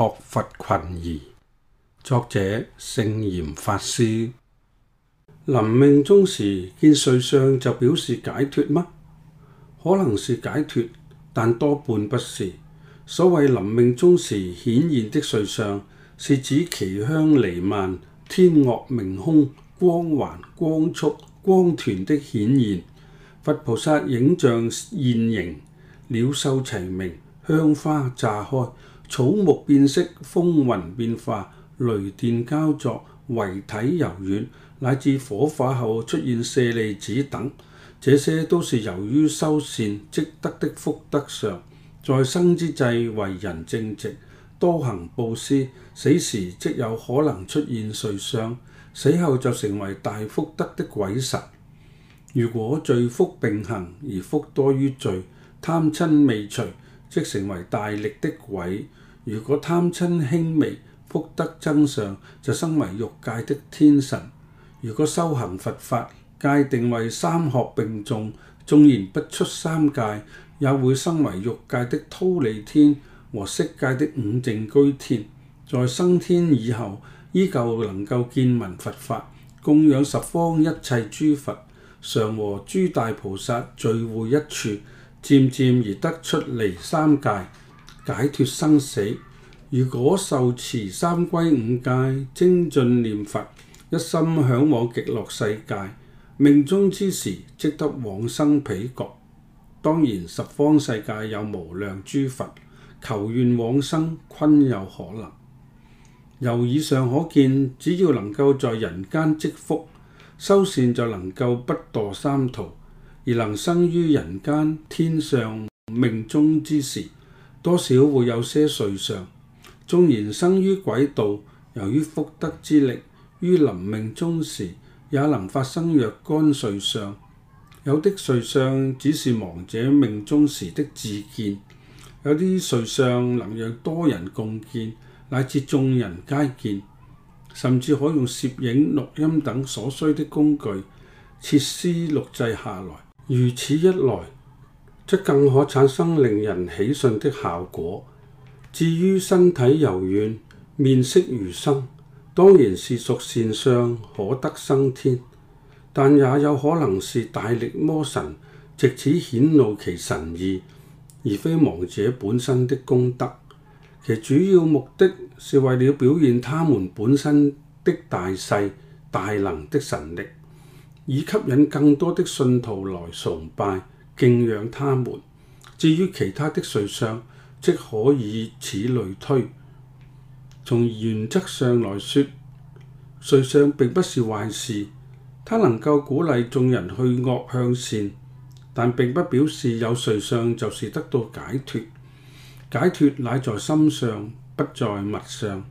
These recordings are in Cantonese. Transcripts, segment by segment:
學佛群疑，作者聖嚴法師。臨命終時見瑞相就表示解脫嗎？可能是解脫，但多半不是。所謂臨命終時顯現的瑞相，是指奇香彌漫、天樂鳴空、光環、光束、光團的顯現，佛菩薩影像現形，鳥獸齊鳴，香花炸開。草木變色，風雲變化，雷電交作，遺體柔軟，乃至火化後出現舍利子等，這些都是由於修善積德的福德上，在生之際為人正直，多行布施，死時即有可能出現瑞相，死後就成為大福德的鬼神。如果罪福並行而福多於罪，貪親未除，即成為大力的鬼。如果貪親輕微，福德增上，就生為欲界的天神；如果修行佛法，界定為三學並重，縱然不出三界，也會生為欲界的忉利天和色界的五淨居天。在生天以後，依舊能夠見聞佛法，供養十方一切諸佛，常和諸大菩薩聚會一處，漸漸而得出離三界。解脫生死，如果受持三歸五戒，精進念佛，一心向往極樂世界，命終之時即得往生彼國。當然十方世界有無量諸佛，求願往生，均有可能。由以上可見，只要能夠在人間積福修善，就能夠不墮三途，而能生於人間、天上命終之時。多少會有些瑞相，縱然生於鬼道，由於福德之力，於臨命終時也能發生若干瑞相。有的瑞相只是亡者命終時的自見，有啲瑞相能讓多人共見，乃至眾人皆見，甚至可用攝影、錄音等所需的工具設施錄製下來。如此一來，則更可產生令人喜訊的效果。至於身體柔軟、面色如生，當然是屬善相，可得生天，但也有可能是大力魔神藉此顯露其神意，而非亡者本身的功德。其主要目的是為了表現他們本身的大勢、大能的神力，以吸引更多的信徒來崇拜。敬仰他們。至於其他的瑞相，即可以此類推。從原則上來說，瑞相並不是壞事，他能夠鼓勵眾人去惡向善，但並不表示有瑞相就是得到解脱。解脱乃在心上，不在物上。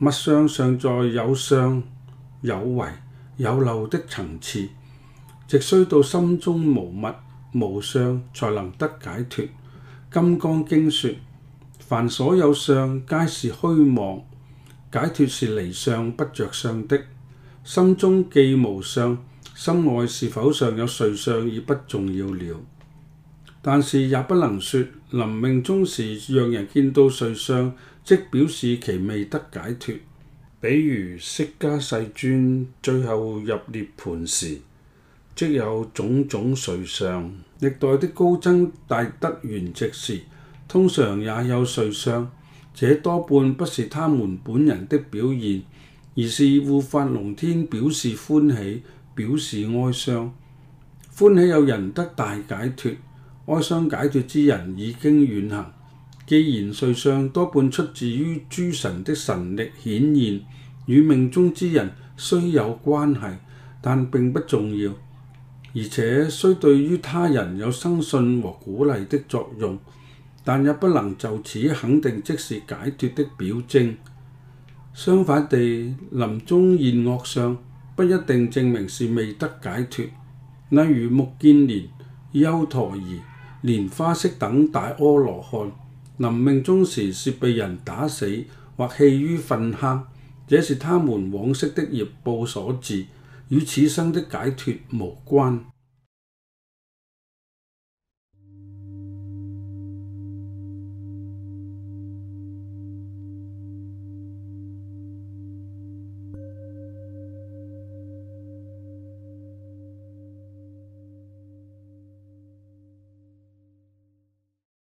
物相尚在有相、有為、有漏的層次，直須到心中無物，無相才能得解脫，《金剛經》說：凡所有相，皆是虛妄；解脫是離相不着相的。心中既無相，心外是否尚有瑞相，已不重要了。但是也不能說，臨命終時讓人見到瑞相，即表示其未得解脫。比如釋迦世尊最後入涅盤時，即有種種瑞相，歷代的高僧大德圓寂時，通常也有瑞相，這多半不是他們本人的表現，而是護法龍天表示歡喜、表示哀傷。歡喜有人得大解脱，哀傷解脱之人已經遠行。既然瑞相多半出自於諸神的神力顯現，與命中之人雖有關係，但並不重要。而且雖對於他人有生信和鼓勵的作用，但也不能就此肯定即是解脱的表徵。相反地，臨終現惡相不一定證明是未得解脱。例如目犍連、優陀夷、蓮花色等大阿羅漢，臨命終時是被人打死或棄於糞坑，這是他們往昔的業報所致。與此生的解脫無關。